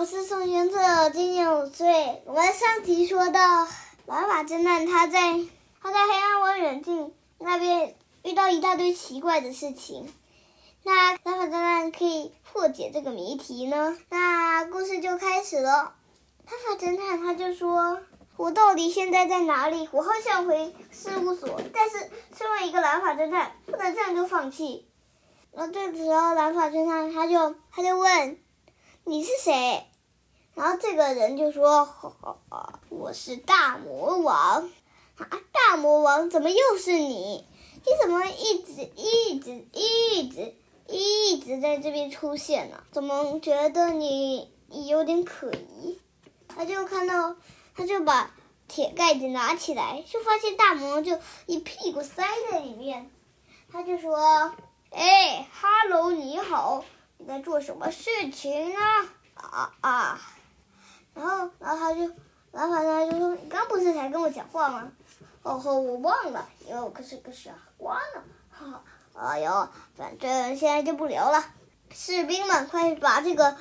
我是宋軒策，今年五歲。我們上集說到藍髮偵探，他在他在黑暗望遠鏡那邊遇到一大堆奇怪的事情。那藍髮偵探可以破解這個謎題呢？那故事就開始了。藍髮偵探他就說，我到底現在在哪裡？我好想回事務所，但是身為一個藍髮偵探，不能這樣就放棄。然後這時候藍髮偵探他就他就問你是誰？然後這個人就說呵呵呵：“我是大魔王，啊，大魔王怎麼又是你？你怎麼一直一直一直一直在這邊出現呢？怎麼覺得你，你有點可疑？”他就看到，他就把鐵蓋子拿起來，就發現大魔王就一屁股塞在裡面。他就說：“哎，哈嘍，Hello, 你好，你在做什麼事情呢？啊啊。”然後，然後他就，老闆他就說：“你剛不是才跟我講話嗎？哦吼、哦，我忘了，因為我可是個傻瓜呢。啊了”哈哈，哎呦，反正現在就不聊了。士兵們，快把這個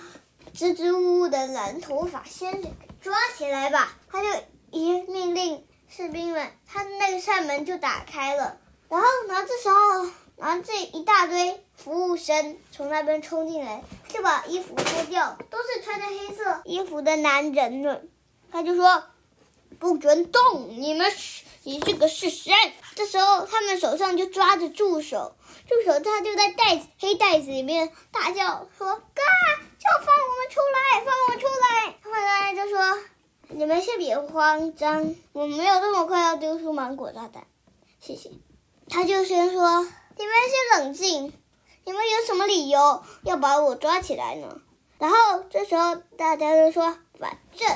支支吾吾的藍頭髮先生給抓起來吧！他就一命令士兵們，他那個扇門就打開了。然後，然後這時候，然後這一大堆服務生從那邊衝進來。就把衣服脫掉，都是穿着黑色衣服的男人呢。他就說：“不准動，你們是，你這個是誰？”這時候他們手上就抓着助手，助手他就在袋子黑袋子裡面大叫說：“哥，就放我們出來，放我出來。”後來就說：“你們先別慌張，我沒有這麼快要丟出芒果炸彈。”謝謝。他就先說：“你們先冷靜。”你們有什麼理由要把我抓起來呢？然後這時候大家都說，反正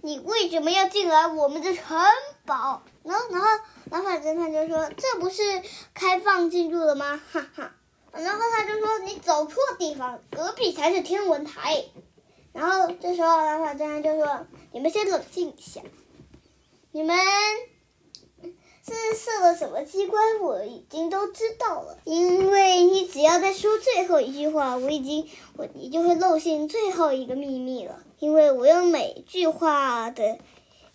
你為什麼要進來我們的城堡？然後，然後藍髮偵探就說，這不是開放進入的嗎？哈哈。然後他就說，你走錯地方，隔壁才是天文台。然後這時候藍髮偵探就說，你們先冷靜一下，你們。什麼機關我已經都知道了，因為你只要再說最後一句話，我已經我你就會露餡最後一個秘密了。因為我用每句話的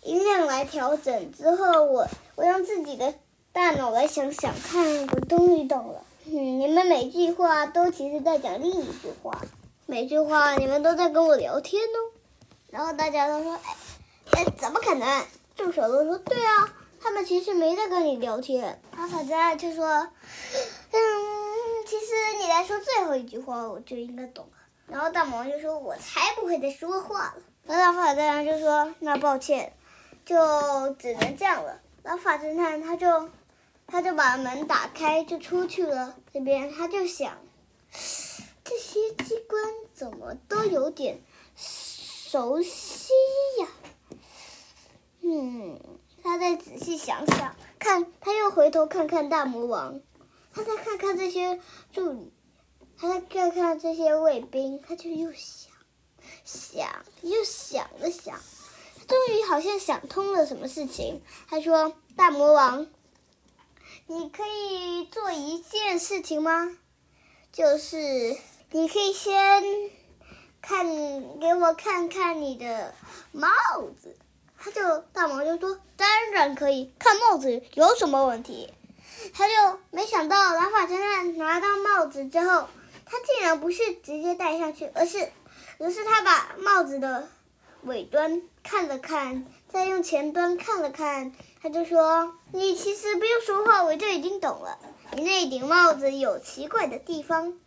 音量來調整之後，我我用自己的大腦來想想看，我終於懂了。嗯，你們每句話都其實在講另一句話，每句話你們都在跟我聊天呢、哦。然後大家都說，哎哎，怎麼可能？助手都說，對啊。他們其實沒在跟你聊天，藍髮偵探就說：“嗯，其實你來說最後一句話，我就應該懂了。”，然後大魔王就說：“我才不會再說話了。”然後藍髮偵探就說：“那抱歉，就只能這樣了。”然後藍髮偵探他就他就把門打開就出去了。這邊他就想，這些機關怎麼都有點熟悉呀？嗯。他再仔細想想，看他又回頭看看大魔王，他再看看這些助理，他再看看這些衛兵，他就又想，想又想了想，他終於好像想通了什麼事情。他說：“大魔王，你可以做一件事情嗎？就是你可以先看，給我看看你的帽子。”他就大毛就說：“當然可以，看帽子有什麼問題？”他就沒想到，藍髮偵探拿到帽子之後，他竟然不是直接戴上去，而是，而是他把帽子的尾端看了看，再用前端看了看，他就說：“你其實不用說話，我就已經懂了，你那頂帽子有奇怪的地方。”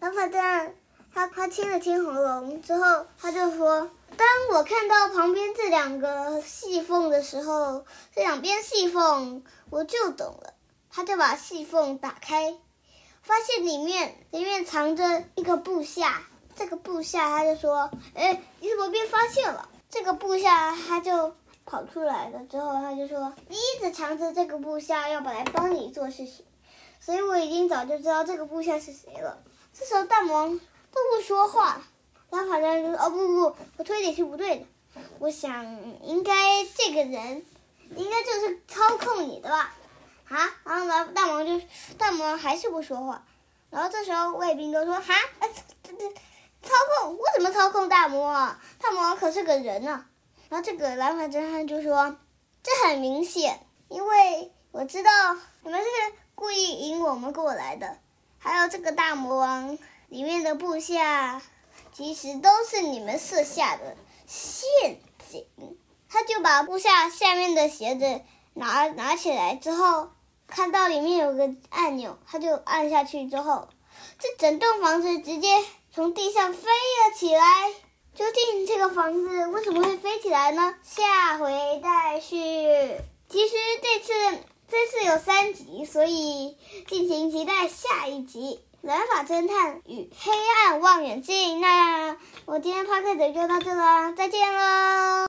藍髮偵探。他他清了清喉嚨之後，他就說：“當我看到旁邊這兩個細縫的時候，這兩邊細縫我就懂了。”他就把細縫打開，發現裡面裡面藏着一個部下。這個部下他就說：“哎，你怎麼被發現了？”這個部下他就跑出來了。之後他就說：“你一直藏着這個部下，要不來幫你做事情，所以我已經早就知道這個部下是誰了。”這時候大魔王。都不說話，藍髮偵探就說，哦不不，不，我推理是不對的。我想應該這個人，應該就是操控你的吧？啊，然後呢，大魔王就大魔王還是不說話。然後這時候衛兵都說啊，這這操控我怎麼操控大魔王？大魔王可是個人呢、啊。然後這個藍髮偵探就說，這很明顯，因為我知道你們是故意引我們過來的。還有這個大魔王。裡面的部下其實都是你們設下的陷阱，他就把部下下面的鞋子拿拿起來之後，看到裡面有個按鈕，他就按下去之後，這整棟房子直接從地上飛了起來。究竟這個房子為什麼會飛起來呢？下回再續。其實這次這次有三集，所以敬請期待下一集。藍髮偵探與黑暗望遠鏡，那我今天 Podcast 就到這了，再見嘍。